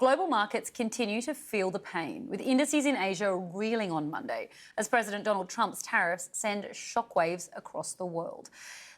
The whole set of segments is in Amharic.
Global markets continue to feel the pain, with indices in Asia reeling on Monday as President Donald Trump's tariffs send shockwaves across the world.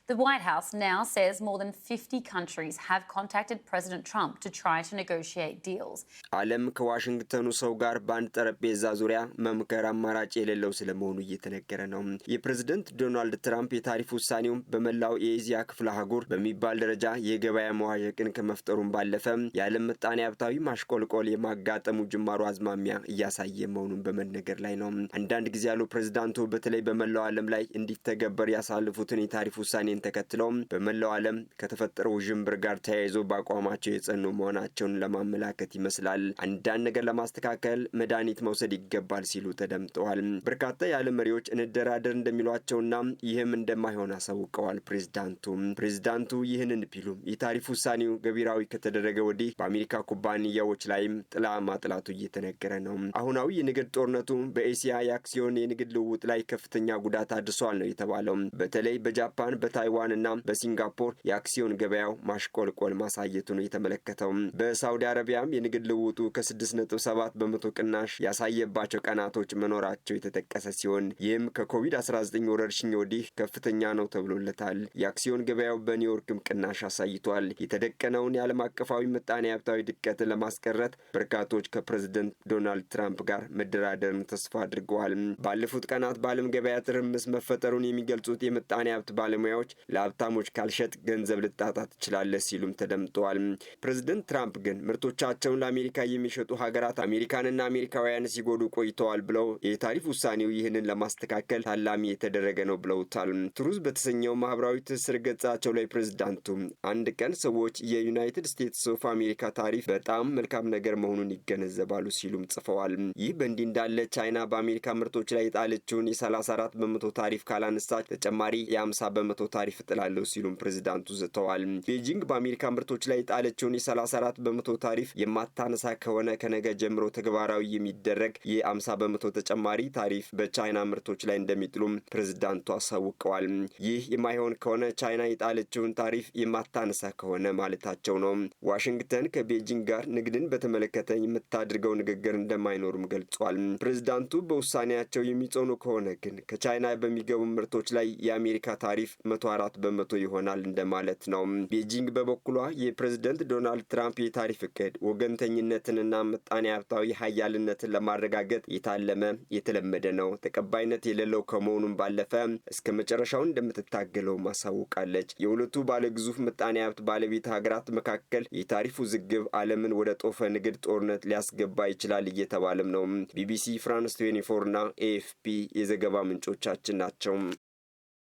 The White House now says more than 50 countries have contacted President Trump to try to negotiate deals. ዓለም ከዋሽንግተኑ ሰው ጋር በአንድ ጠረጴዛ ዙሪያ መምከር አማራጭ የሌለው ስለመሆኑ እየተነገረ ነው። የፕሬዝደንት ዶናልድ ትራምፕ የታሪፍ ውሳኔውም በመላው የኤዚያ ክፍለ አህጉር በሚባል ደረጃ የገበያ መዋዠቅን ከመፍጠሩም ባለፈ የዓለም ምጣኔ ሀብታዊ ማሽቆልቆል የማጋጠሙ ጅማሩ አዝማሚያ እያሳየ መሆኑን በመነገር ላይ ነው። አንዳንድ ጊዜ ያሉ ፕሬዝዳንቱ በተለይ በመላው ዓለም ላይ እንዲተገበር ያሳልፉትን የታሪፍ ውሳኔ ፍጻሜን ተከትሎም በመላው ዓለም ከተፈጠረው ውዥንብር ጋር ተያይዞ በአቋማቸው የጸኑ መሆናቸውን ለማመላከት ይመስላል። አንዳንድ ነገር ለማስተካከል መድኃኒት መውሰድ ይገባል ሲሉ ተደምጠዋል። በርካታ የዓለም መሪዎች እንደራደር እንደሚሏቸውና ይህም እንደማይሆን አሳውቀዋል። ፕሬዚዳንቱ ፕሬዚዳንቱ ይህንን ቢሉም የታሪፍ ውሳኔው ገቢራዊ ከተደረገ ወዲህ በአሜሪካ ኩባንያዎች ላይም ጥላ ማጥላቱ እየተነገረ ነው። አሁናዊ የንግድ ጦርነቱ በኤሲያ የአክሲዮን የንግድ ልውውጥ ላይ ከፍተኛ ጉዳት አድርሷል ነው የተባለው። በተለይ በጃፓን በታ በታይዋንና በሲንጋፖር የአክሲዮን ገበያው ማሽቆልቆል ማሳየቱን የተመለከተው በሳውዲ አረቢያም የንግድ ልውጡ ከ6.7 በመቶ ቅናሽ ያሳየባቸው ቀናቶች መኖራቸው የተጠቀሰ ሲሆን ይህም ከኮቪድ-19 ወረርሽኝ ወዲህ ከፍተኛ ነው ተብሎለታል። የአክሲዮን ገበያው በኒውዮርክም ቅናሽ አሳይቷል። የተደቀነውን የዓለም አቀፋዊ ምጣኔ ሀብታዊ ድቀትን ለማስቀረት በርካቶች ከፕሬዝደንት ዶናልድ ትራምፕ ጋር መደራደርን ተስፋ አድርገዋል። ባለፉት ቀናት በዓለም ገበያ ትርምስ መፈጠሩን የሚገልጹት የምጣኔ ሀብት ባለሙያዎች ለሀብታሞች ካልሸጥ ገንዘብ ልታጣ ትችላለህ ሲሉም ተደምጠዋል። ፕሬዝደንት ትራምፕ ግን ምርቶቻቸውን ለአሜሪካ የሚሸጡ ሀገራት አሜሪካንና አሜሪካውያን ሲጎዱ ቆይተዋል ብለው የታሪፍ ውሳኔው ይህንን ለማስተካከል ታላሚ የተደረገ ነው ብለውታል። ትሩዝ በተሰኘው ማህበራዊ ትስስር ገጻቸው ላይ ፕሬዝዳንቱ አንድ ቀን ሰዎች የዩናይትድ ስቴትስ ኦፍ አሜሪካ ታሪፍ በጣም መልካም ነገር መሆኑን ይገነዘባሉ ሲሉም ጽፈዋል። ይህ በእንዲህ እንዳለ ቻይና በአሜሪካ ምርቶች ላይ የጣለችውን የ34 በመቶ ታሪፍ ካላነሳች ተጨማሪ የ50 በመቶ ታሪፍ ታሪፍ እጥላለሁ ሲሉም ፕሬዚዳንቱ ዝተዋል። ቤጂንግ በአሜሪካ ምርቶች ላይ የጣለችውን የ34 በመቶ ታሪፍ የማታነሳ ከሆነ ከነገ ጀምሮ ተግባራዊ የሚደረግ የ50 በመቶ ተጨማሪ ታሪፍ በቻይና ምርቶች ላይ እንደሚጥሉም ፕሬዚዳንቱ አሳውቀዋል። ይህ የማይሆን ከሆነ ቻይና የጣለችውን ታሪፍ የማታነሳ ከሆነ ማለታቸው ነው። ዋሽንግተን ከቤጂንግ ጋር ንግድን በተመለከተ የምታደርገው ንግግር እንደማይኖርም ገልጿል። ፕሬዚዳንቱ በውሳኔያቸው የሚጸኑ ከሆነ ግን ከቻይና በሚገቡ ምርቶች ላይ የአሜሪካ ታሪፍ መቶ አራት በመቶ ይሆናል እንደማለት ነው። ቤጂንግ በበኩሏ የፕሬዝደንት ዶናልድ ትራምፕ የታሪፍ እቅድ ወገንተኝነትንና ምጣኔ ሀብታዊ ሀያልነትን ለማረጋገጥ የታለመ የተለመደ ነው፣ ተቀባይነት የሌለው ከመሆኑም ባለፈ እስከ መጨረሻው እንደምትታገለው ማሳውቃለች። የሁለቱ ባለግዙፍ ምጣኔ ሀብት ባለቤት ሀገራት መካከል የታሪፍ ውዝግብ ዓለምን ወደ ጦፈ ንግድ ጦርነት ሊያስገባ ይችላል እየተባለም ነው። ቢቢሲ፣ ፍራንስ 24 እና ኤኤፍፒ የዘገባ ምንጮቻችን ናቸው።